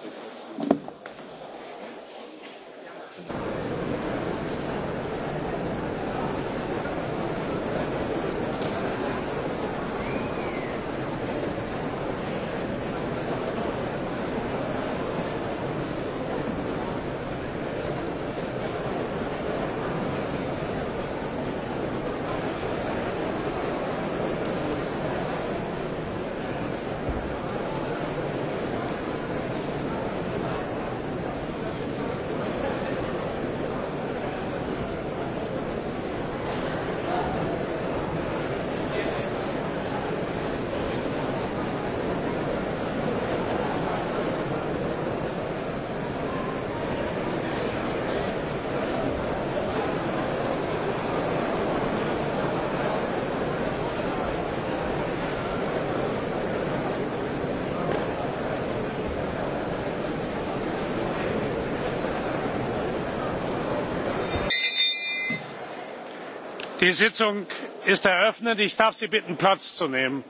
Thank you. die sitzung ist eröffnet ich darf sie bitten platz zu nehmen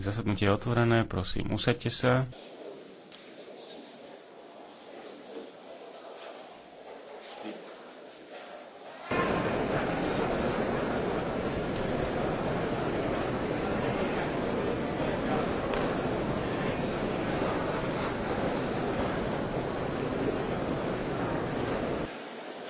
zasadnutie je otvorené prosím usaďte sa